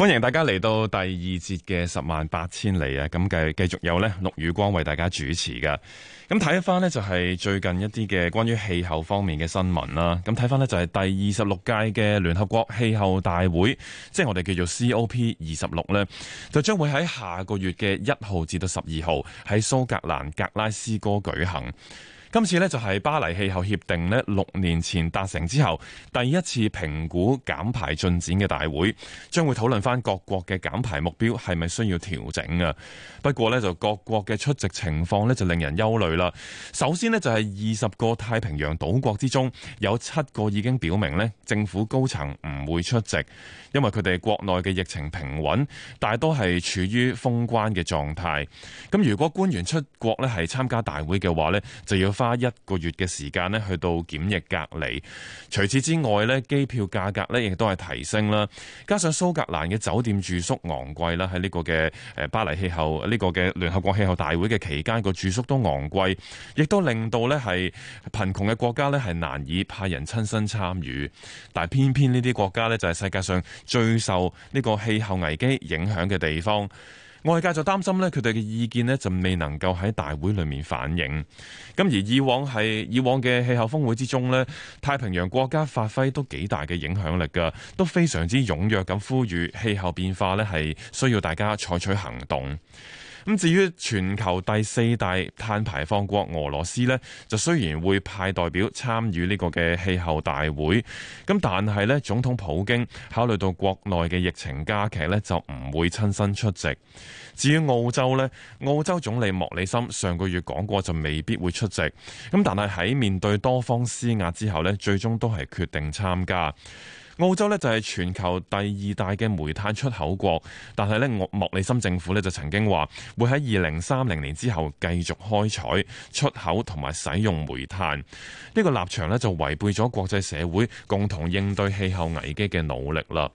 歡迎大家嚟到第二節嘅十萬八千里啊！咁繼繼續有呢陸宇光為大家主持噶。咁睇翻呢，就係最近一啲嘅關於氣候方面嘅新聞啦。咁睇翻呢，就係第二十六屆嘅聯合國氣候大會，即係我哋叫做 COP 二十六呢就將會喺下個月嘅一號至到十二號喺蘇格蘭格拉斯哥舉行。今次呢，就係巴黎氣候協定呢六年前達成之後第一次評估減排進展嘅大會，將會討論翻各國嘅減排目標係咪需要調整啊？不過呢，就各國嘅出席情況呢，就令人憂慮啦。首先呢，就係二十個太平洋島國之中，有七個已經表明呢，政府高層唔會出席，因為佢哋國內嘅疫情平穩，大多係處於封關嘅狀態。咁如果官員出國呢，係參加大會嘅話呢，就要花一個月嘅時間咧，去到檢疫隔離。除此之外咧，機票價格咧亦都係提升啦。加上蘇格蘭嘅酒店住宿昂貴啦，喺呢個嘅誒巴黎氣候呢個嘅聯合國氣候大會嘅期間，個住宿都昂貴，亦都令到咧係貧窮嘅國家咧係難以派人親身參與。但係偏偏呢啲國家咧就係世界上最受呢個氣候危機影響嘅地方。外界就擔心咧，佢哋嘅意見咧就未能夠喺大會裏面反映。咁而以往係以往嘅氣候峰會之中咧，太平洋國家發揮都幾大嘅影響力噶，都非常之踴躍咁呼籲氣候變化咧係需要大家採取行動。咁至於全球第四大碳排放國俄羅斯咧，就雖然會派代表參與呢個嘅氣候大會，咁但係咧總統普京考慮到國內嘅疫情加劇咧，就唔會親身出席。至於澳洲咧，澳洲總理莫里森上個月講過就未必會出席，咁但係喺面對多方施壓之後咧，最終都係決定參加。澳洲咧就係全球第二大嘅煤炭出口國，但係咧莫莫里森政府咧就曾經話會喺二零三零年之後繼續開採、出口同埋使用煤炭，呢個立場咧就違背咗國際社會共同應對氣候危機嘅努力啦。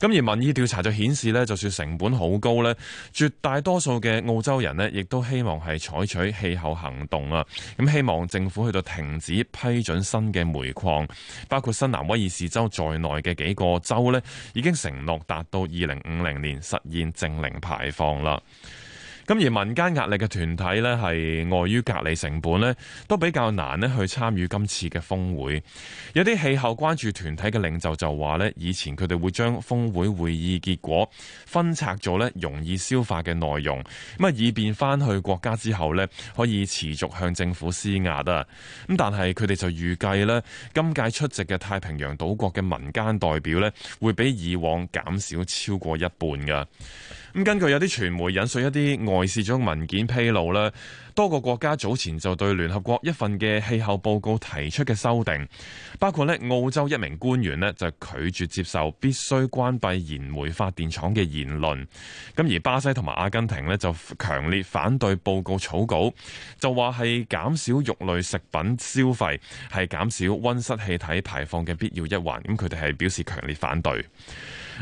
咁而民意調查就顯示咧，就算成本好高咧，絕大多數嘅澳洲人咧，亦都希望係採取氣候行動啊！咁希望政府去到停止批准新嘅煤礦，包括新南威爾士州在內嘅幾個州咧，已經承諾達到二零五零年實現淨零排放啦。咁而民間壓力嘅團體咧，係礙於隔離成本咧，都比較難咧去參與今次嘅峰會。有啲氣候關注團體嘅領袖就話咧，以前佢哋會將峰會會議結果分拆咗咧，容易消化嘅內容，咁啊以便返去國家之後咧可以持續向政府施壓啊。咁但係佢哋就預計咧，今屆出席嘅太平洋島國嘅民間代表咧，會比以往減少超過一半噶。咁根據有啲傳媒引述一啲外事長文件披露啦，多個國家早前就對聯合國一份嘅氣候報告提出嘅修訂，包括咧澳洲一名官員咧就拒絕接受必須關閉燃煤發電廠嘅言論。咁而巴西同埋阿根廷咧就強烈反對報告草稿，就話係減少肉類食品消費係減少温室氣體排放嘅必要一環。咁佢哋係表示強烈反對。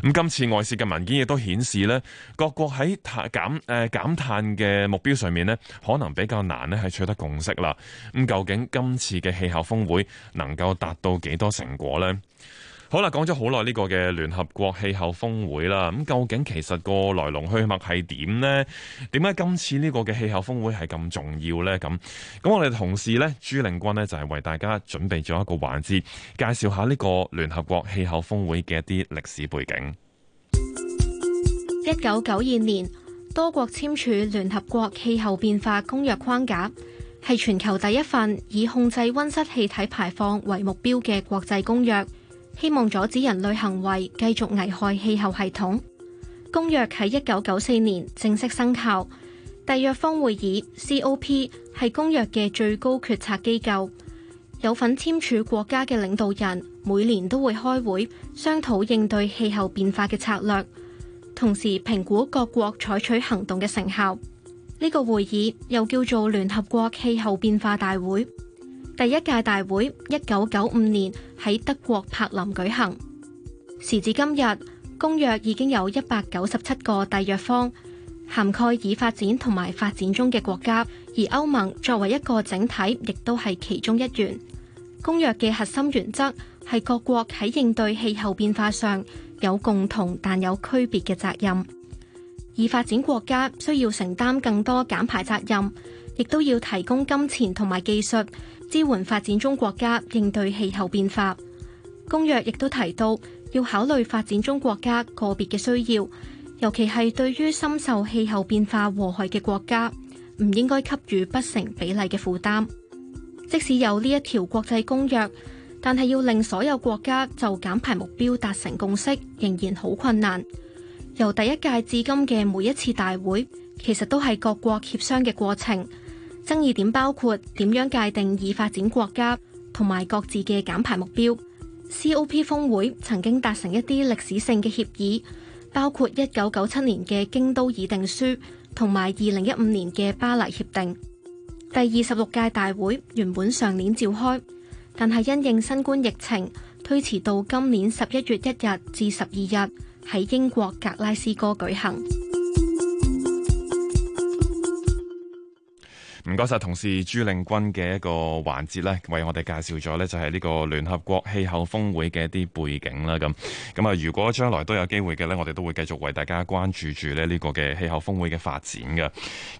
咁今次外泄嘅文件亦都顯示呢，各國喺減誒、呃、減碳嘅目標上面呢，可能比較難呢係取得共識啦。咁究竟今次嘅氣候峰會能夠達到幾多成果呢？好啦，講咗好耐呢個嘅聯合國氣候峰會啦。咁究竟其實個來龍去脈係點呢？點解今次呢個嘅氣候峰會係咁重要呢？咁咁，我哋同事呢，朱令君呢，就係、是、為大家準備咗一個環節，介紹下呢個聯合國氣候峰會嘅一啲歷史背景。一九九二年，多國簽署聯合國氣候變化公約框架，係全球第一份以控制温室氣體排放為目標嘅國際公約。希望阻止人類行為繼續危害氣候系統。公約喺一九九四年正式生效。締約方會議 （COP） 係公約嘅最高決策機構，有份簽署國家嘅領導人每年都會開會商討應對氣候變化嘅策略，同時評估各國採取行動嘅成效。呢個會議又叫做聯合國氣候變化大會。第一屆大會一九九五年喺德國柏林舉行。時至今日，公約已經有一百九十七個締約方，涵蓋已發展同埋發展中嘅國家，而歐盟作為一個整體亦都係其中一員。公約嘅核心原則係各國喺應對氣候變化上有共同但有區別嘅責任。已發展國家需要承擔更多減排責任。亦都要提供金錢同埋技術支援，發展中國家應對氣候變化。公約亦都提到要考慮發展中國家個別嘅需要，尤其係對於深受氣候變化禍害嘅國家，唔應該給予不成比例嘅負擔。即使有呢一條國際公約，但係要令所有國家就減排目標達成共識，仍然好困難。由第一屆至今嘅每一次大會，其實都係各國協商嘅過程。爭議點包括點樣界定已發展國家，同埋各自嘅減排目標。COP 峰會曾經達成一啲歷史性嘅協議，包括一九九七年嘅京都議定書，同埋二零一五年嘅巴黎協定。第二十六屆大會原本上年召開，但係因應新冠疫情，推遲到今年十一月一日至十二日喺英國格拉斯哥舉行。唔該晒，謝謝同事朱令軍嘅一個環節呢，為我哋介紹咗呢就係呢個聯合國氣候峰會嘅一啲背景啦。咁咁啊，如果將來都有機會嘅呢，我哋都會繼續為大家關注住咧呢個嘅氣候峰會嘅發展嘅。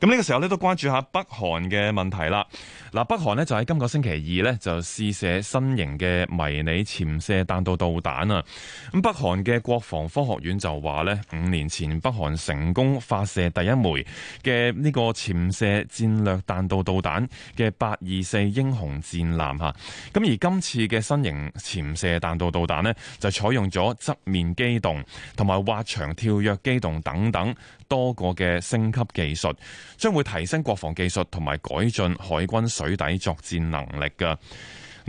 咁呢個時候呢，都關注下北韓嘅問題啦。嗱，北韓呢，就喺今個星期二呢，就試射新型嘅迷你潛射彈道導彈啊。咁北韓嘅國防科學院就話呢，五年前北韓成功發射第一枚嘅呢個潛射戰略。彈道導彈嘅八二四英雄戰艦吓。咁，而今次嘅新型潛射彈道導彈呢，就採用咗側面機動同埋滑翔跳躍機動等等多個嘅升級技術，將會提升國防技術同埋改進海軍水底作戰能力嘅。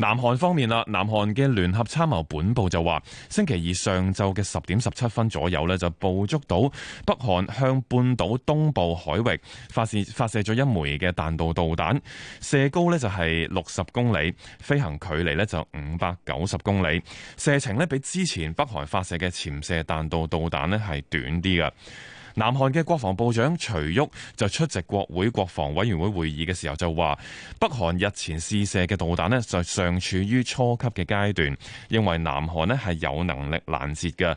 南韓方面啦，南韓嘅聯合參謀本部就話，星期二上晝嘅十點十七分左右呢，就捕捉到北韓向半島東部海域發射發射咗一枚嘅彈道導彈，射高呢就係六十公里，飛行距離呢就五百九十公里，射程呢比之前北韓發射嘅潛射彈道導彈呢係短啲㗎。南韓嘅國防部長徐旭就出席國會國防委員會會議嘅時候就話，北韓日前試射嘅導彈呢，就尚處於初級嘅階段，認為南韓呢係有能力攔截嘅。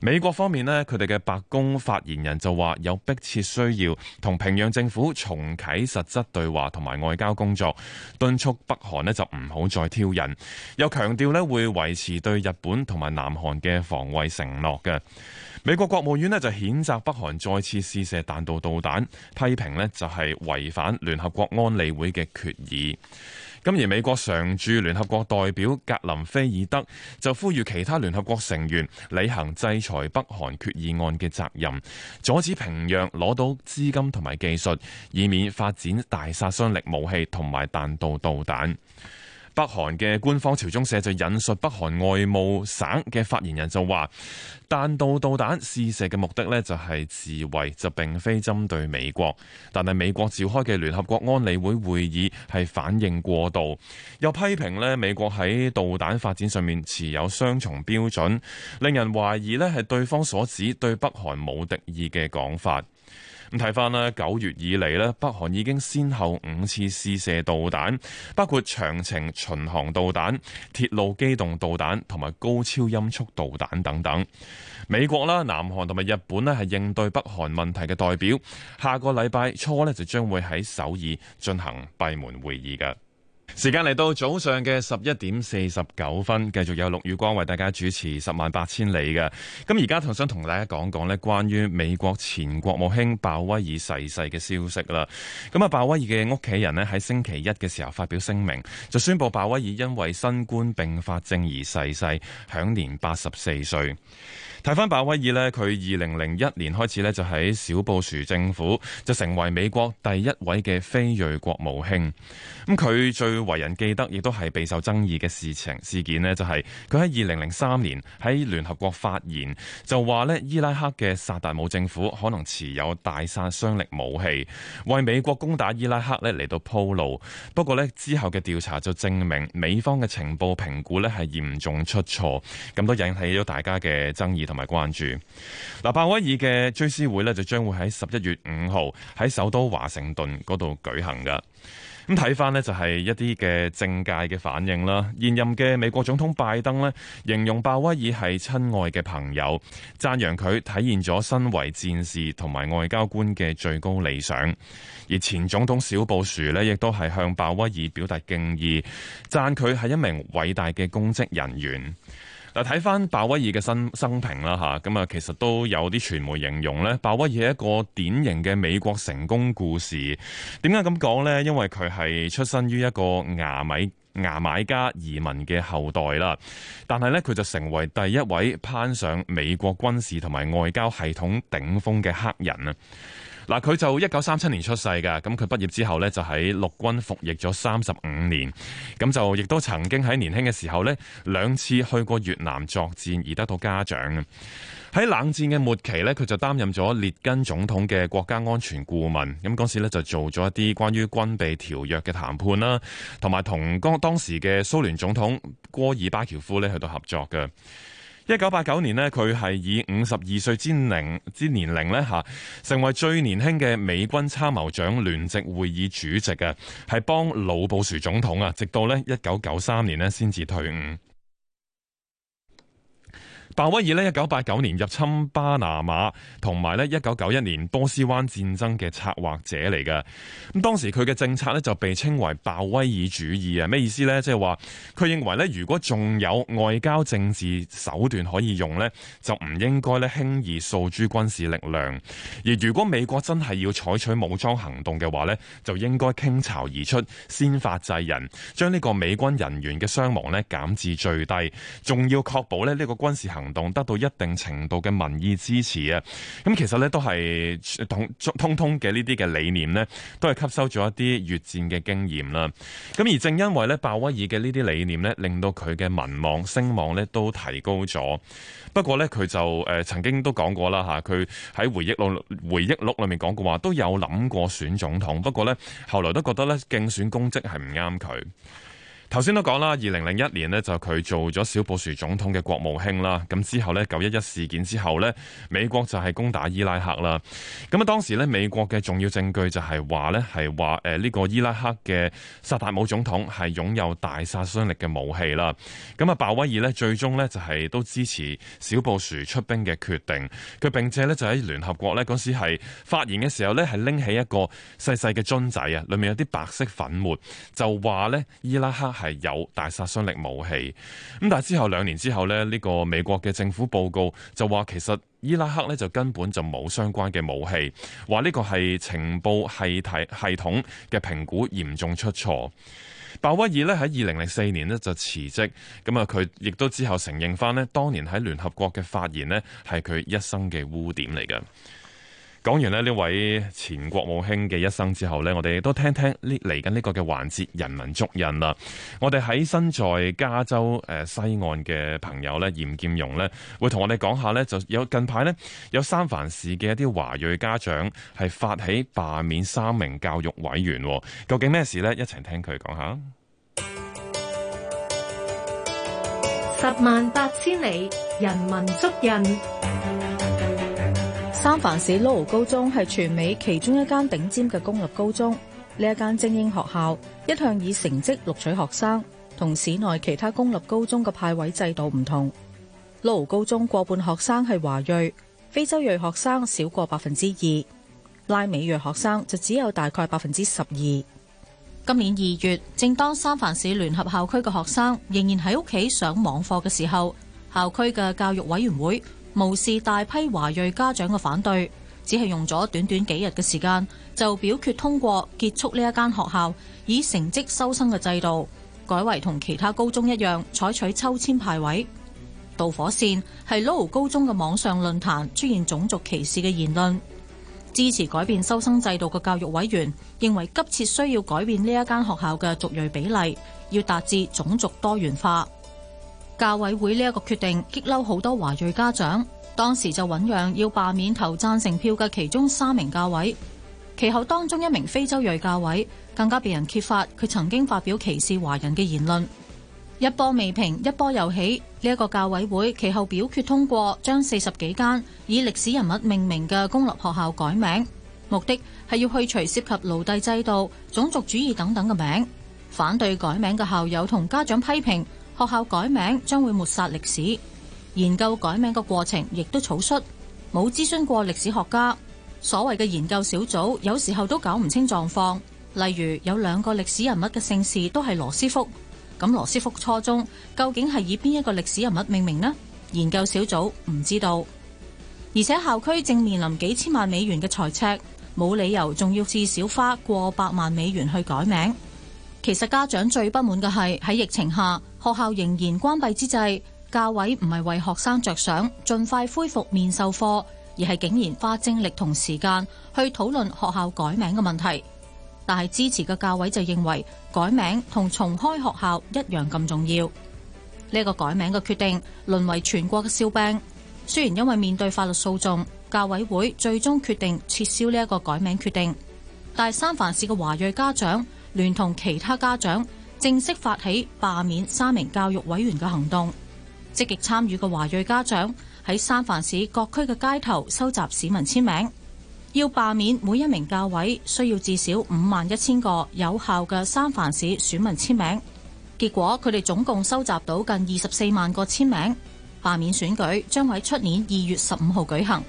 美國方面咧，佢哋嘅白宮發言人就話有迫切需要同平壤政府重啟實質對話同埋外交工作，敦促北韓咧就唔好再挑釁，又強調咧會維持對日本同埋南韓嘅防衛承諾嘅。美國國務院咧就譴責北韓再次試射彈道導彈，批評咧就係違反聯合國安理會嘅決議。今而，美國常駐聯合國代表格林菲爾德就呼籲其他聯合國成員履行制裁北韓決議案嘅責任，阻止平壤攞到資金同埋技術，以免發展大殺傷力武器同埋彈道導彈。北韓嘅官方朝中社就引述北韓外務省嘅發言人就話，彈道導彈試射嘅目的呢，就係自衞，就並非針對美國。但係美國召開嘅聯合國安理會會議係反應過度，又批評呢美國喺導彈發展上面持有雙重標準，令人懷疑呢係對方所指對北韓冇敵意嘅講法。咁睇翻呢，九月以嚟呢，北韓已經先後五次試射導彈，包括長程巡航導彈、鐵路機動導彈同埋高超音速導彈等等。美國啦、南韓同埋日本呢，係應對北韓問題嘅代表，下個禮拜初呢就將會喺首爾進行閉門會議嘅。時間嚟到早上嘅十一點四十九分，繼續有陸宇光為大家主持《十萬八千里》嘅。咁而家就想同大家講講咧，關於美國前國務卿鮑威爾逝世嘅消息啦。咁啊，鮑威爾嘅屋企人咧喺星期一嘅時候發表聲明，就宣布鮑威爾因為新冠併發症而逝世，世，享年八十四歲。睇翻鮑威爾呢，佢二零零一年開始呢，就喺小布殊政府就成為美國第一位嘅非裔國務卿。咁佢最佢為人記得，亦都係備受爭議嘅事情事件呢就係佢喺二零零三年喺聯合國發言，就話呢，伊拉克嘅薩達姆政府可能持有大殺傷力武器，為美國攻打伊拉克呢嚟到鋪路。不過呢，之後嘅調查就證明美方嘅情報評估呢係嚴重出錯，咁都引起咗大家嘅爭議同埋關注。嗱，鮑威爾嘅追思會呢就將會喺十一月五號喺首都華盛頓嗰度舉行㗎。咁睇翻呢，就係一啲嘅政界嘅反應啦。現任嘅美國總統拜登呢，形容鮑威爾係親愛嘅朋友，讚揚佢體現咗身為戰士同埋外交官嘅最高理想。而前總統小布殊呢，亦都係向鮑威爾表達敬意，讚佢係一名偉大嘅公職人員。嗱，睇翻鮑威爾嘅生生平啦，吓咁啊，其實都有啲傳媒形容呢，鮑威爾係一個典型嘅美國成功故事。點解咁講呢？因為佢係出身於一個牙米牙買加移民嘅後代啦，但係呢，佢就成為第一位攀上美國軍事同埋外交系統頂峰嘅黑人啊！嗱，佢就一九三七年出世㗎，咁佢畢業之後呢，就喺陸軍服役咗三十五年，咁就亦都曾經喺年輕嘅時候呢，兩次去過越南作戰而得到嘉獎。喺冷戰嘅末期呢，佢就擔任咗列根總統嘅國家安全顧問，咁嗰時呢，就做咗一啲關於軍備條約嘅談判啦，同埋同當當時嘅蘇聯總統戈爾巴喬夫呢去到合作嘅。一九八九年咧，佢係以五十二歲之齡之年齡咧吓，成為最年輕嘅美軍參謀長聯席會議主席嘅，係幫老布殊總統啊，直到咧一九九三年咧先至退伍。鮑威爾呢，一九八九年入侵巴拿馬，同埋呢一九九一年波斯灣戰爭嘅策劃者嚟嘅。咁當時佢嘅政策呢，就被稱為鮑威爾主義啊，咩意思呢？即係話佢認為呢，如果仲有外交政治手段可以用呢，就唔應該呢輕易訴諸軍事力量。而如果美國真係要採取武裝行動嘅話呢，就應該傾巢而出，先發制人，將呢個美軍人員嘅傷亡呢減至最低，仲要確保呢呢個軍事行動。行動得到一定程度嘅民意支持啊！咁其實咧都係統通通嘅呢啲嘅理念呢，都係吸收咗一啲越戰嘅經驗啦。咁而正因為咧鮑威爾嘅呢啲理念呢，令到佢嘅民望聲望呢都提高咗。不過呢，佢就誒曾經都講過啦吓，佢喺回憶錄回憶錄裏面講過話，都有諗過選總統，不過呢，後來都覺得呢競選公職係唔啱佢。頭先都講啦，二零零一年呢，就佢做咗小布殊總統嘅國務卿啦。咁之後呢，九一一事件之後呢，美國就係攻打伊拉克啦。咁啊，當時呢美國嘅重要證據就係話呢，係話誒呢個伊拉克嘅薩達姆總統係擁有大殺傷力嘅武器啦。咁啊鮑威爾呢，最終呢就係都支持小布殊出兵嘅決定。佢並且呢就喺聯合國呢，嗰時係發言嘅時候呢，係拎起一個細細嘅樽仔啊，裏面有啲白色粉末，就話呢伊拉克。係有大殺傷力武器，咁但係之後兩年之後呢，呢個美國嘅政府報告就話其實伊拉克呢就根本就冇相關嘅武器，話呢個係情報係係系統嘅評估嚴重出錯。鮑威爾呢喺二零零四年呢就辭職，咁啊佢亦都之後承認翻呢當年喺聯合國嘅發言呢係佢一生嘅污點嚟嘅。講完咧呢位前國務卿嘅一生之後呢，我哋都聽聽呢嚟緊呢個嘅環節人文足印啦。我哋喺身在加州誒西岸嘅朋友呢嚴劍蓉呢會同我哋講下呢就有近排呢，有三藩市嘅一啲華裔家長係發起罷免三名教育委員，究竟咩事呢？一齊聽佢講下。十萬八千里，人文足印。嗯三藩市洛湖高中係全美其中一間頂尖嘅公立高中，呢一間精英學校一向以成績錄取學生，同市內其他公立高中嘅派位制度唔同。洛湖高中過半學生係華裔，非洲裔學生少過百分之二，拉美裔學生就只有大概百分之十二。今年二月，正當三藩市聯合校區嘅學生仍然喺屋企上網課嘅時候，校區嘅教育委員會無視大批華裔家長嘅反對，只係用咗短短幾日嘅時間就表決通過結束呢一間學校以成績收生嘅制度，改為同其他高中一樣採取抽籤派位。導火線係 Lowell 高中嘅網上論壇出現種族歧視嘅言論。支持改變收生制度嘅教育委員認為急切需要改變呢一間學校嘅族裔比例，要達至種族多元化。教委會呢一個決定激嬲好多華裔家長，當時就醞釀要罷免投贊成票嘅其中三名教委，其後當中一名非洲裔教委更加被人揭發，佢曾經發表歧視華人嘅言論。一波未平，一波又起，呢一個教委會其後表決通過將四十幾間以歷史人物命名嘅公立學校改名，目的係要去除涉及奴隸制度、種族主義等等嘅名。反對改名嘅校友同家長批評。學校改名將會抹殺歷史，研究改名嘅過程亦都草率，冇諮詢過歷史學家。所謂嘅研究小組，有時候都搞唔清狀況。例如，有兩個歷史人物嘅姓氏都係羅斯福，咁羅斯福初中究竟係以邊一個歷史人物命名呢？研究小組唔知道。而且，校區正面臨幾千萬美元嘅財赤，冇理由仲要至少花過百萬美元去改名。其實，家長最不滿嘅係喺疫情下。學校仍然關閉之際，教委唔係為學生着想，盡快恢復面授課，而係竟然花精力同時間去討論學校改名嘅問題。但係支持嘅教委就認為改名同重開學校一樣咁重要。呢一個改名嘅決定淪為全國嘅笑柄。雖然因為面對法律訴訟，教委會最終決定撤銷呢一個改名決定，但係三藩市嘅華裔家長聯同其他家長，正式發起罷免三名教育委員嘅行動，積極參與嘅華裔家長喺三藩市各區嘅街頭收集市民簽名。要罷免每一名教委，需要至少五萬一千個有效嘅三藩市選民簽名。結果佢哋總共收集到近二十四萬個簽名。罷免選舉將喺出年二月十五號舉行。